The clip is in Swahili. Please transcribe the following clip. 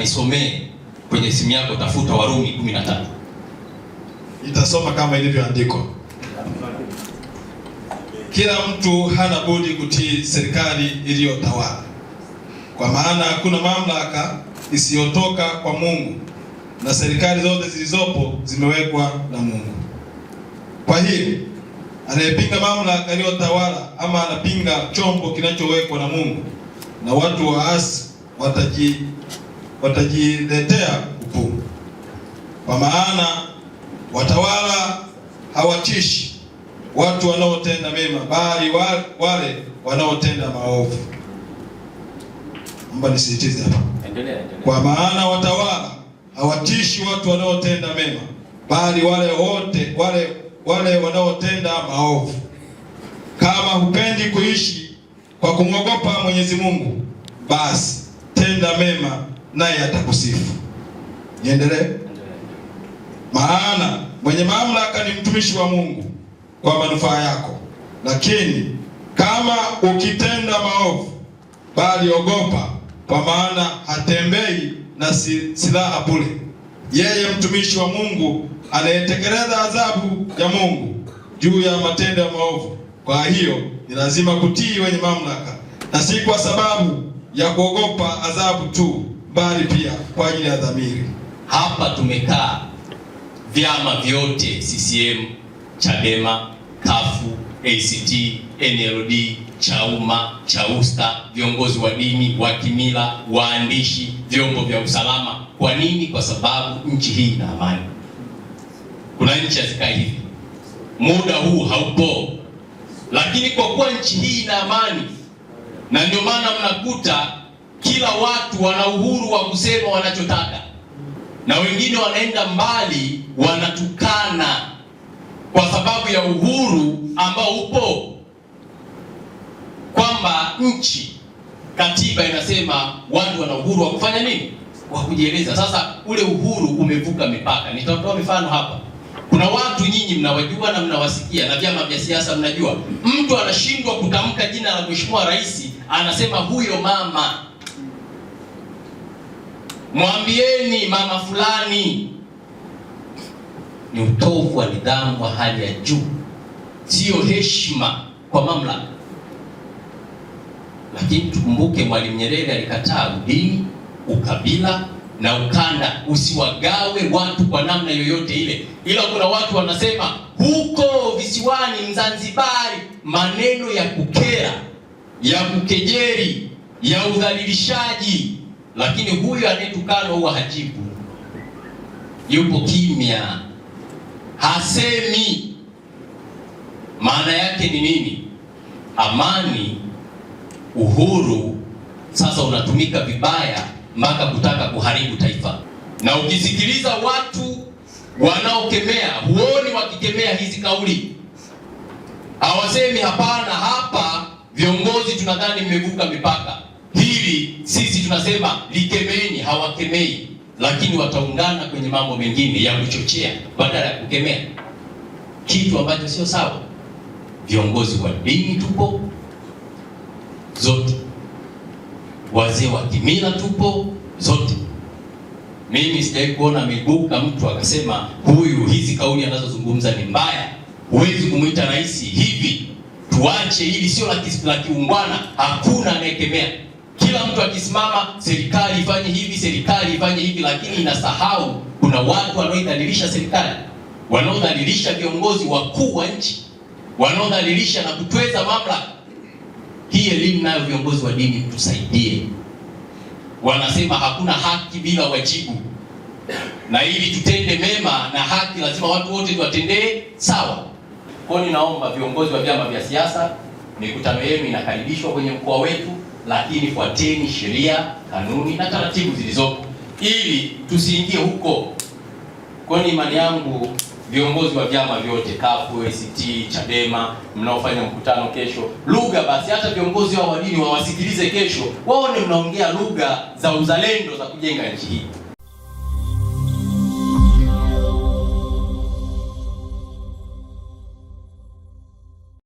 nisomee kwenye simu yako, tafuta Warumi 13 itasoma kama ilivyoandikwa. Kila mtu hana budi kutii serikali iliyotawala, kwa maana hakuna mamlaka isiyotoka kwa Mungu, na serikali zote zilizopo zimewekwa na Mungu. Kwa hiyo anayepinga mamlaka iliyotawala ama anapinga chombo kinachowekwa na Mungu, na watu waasi wataji watajiletea hukumu, kwa maana watawala hawatishi watu wanaotenda mema, bali wale wanaotenda maovu. Naomba hapa, kwa maana watawala hawatishi watu wanaotenda mema, bali wale wote wale wale wanaotenda maovu. Kama hupendi kuishi kwa kumwogopa Mwenyezi Mungu, basi tenda mema naye atakusifu. Niendelee, maana mwenye mamlaka ni mtumishi wa Mungu kwa manufaa yako. Lakini kama ukitenda maovu, bali ogopa, kwa maana hatembei na silaha bure, yeye mtumishi wa Mungu anayetekeleza adhabu ya Mungu juu ya matendo ya maovu. Kwa hiyo ni lazima kutii wenye mamlaka, na si kwa sababu ya kuogopa adhabu tu, bali pia kwa ajili ya dhamiri. Hapa tumekaa vyama vyote CCM, Chadema, Kafu, ACT, NLD, Chauma, Chausta, viongozi wa dini, wa kimila, waandishi, vyombo vya usalama. Kwa nini? Kwa sababu nchi hii ina amani. Kuna nchi asika hivi, muda huu haupo, lakini kwa kuwa nchi hii ina amani, na ndio maana mnakuta kila watu wana uhuru wa kusema wanachotaka, na wengine wanaenda mbali, wanatukana kwa sababu ya uhuru ambao upo, kwamba nchi katiba inasema watu wana uhuru wa kufanya nini, wa kujieleza. Sasa ule uhuru umevuka mipaka. Nitatoa mifano hapa. Kuna watu nyinyi mnawajua na mnawasikia, na vyama vya siasa mnajua, mtu anashindwa kutamka jina la mheshimiwa rais, anasema huyo mama mwambieni mama fulani. Ni utovu wa nidhamu wa hali ya juu, sio heshima kwa mamlaka. Lakini tukumbuke Mwalimu Nyerere alikataa udini, ukabila na ukanda. Usiwagawe watu kwa namna yoyote ile, ila kuna watu wanasema huko visiwani Mzanzibari maneno ya kukera, ya kukejeri ya udhalilishaji lakini huyu anayetukanwa huwa hajibu, yupo kimya, hasemi. Maana yake ni nini? Amani, uhuru sasa unatumika vibaya mpaka kutaka kuharibu taifa. Na ukisikiliza watu wanaokemea, huoni wakikemea hizi kauli, hawasemi hapana, hapa viongozi tunadhani mmevuka mipaka hili sisi tunasema likemeni, hawakemei, lakini wataungana kwenye mambo mengine ya kuchochea badala ya kukemea kitu ambacho sio sawa. Viongozi wa dini tupo zote, wazee wa kimila tupo zote. Mimi sijawahi kuona ameibuka mtu akasema huyu, hizi kauli anazozungumza ni mbaya, huwezi kumwita rais hivi. Tuache hili, sio la kiungwana, hakuna anayekemea kila mtu akisimama, serikali ifanye hivi, serikali ifanye hivi, lakini inasahau kuna watu wanaoidhalilisha serikali, wanaodhalilisha viongozi wakuu wa nchi, wanaodhalilisha na kutweza mamlaka. Hii elimu nayo viongozi wa dini tusaidie. Wanasema hakuna haki bila wajibu, na ili tutende mema na haki, lazima watu wote tuwatendee sawa. Kwa hiyo ninaomba viongozi wa vyama vya siasa, mikutano yenu inakaribishwa kwenye mkoa wetu lakini fuateni sheria, kanuni na taratibu zilizopo ili tusiingie huko. Kwa ni imani yangu viongozi wa vyama vyote kafu ACT, Chadema mnaofanya mkutano kesho, lugha basi, hata viongozi wao wa wadini wawasikilize kesho, waone mnaongea lugha za uzalendo za kujenga nchi hii.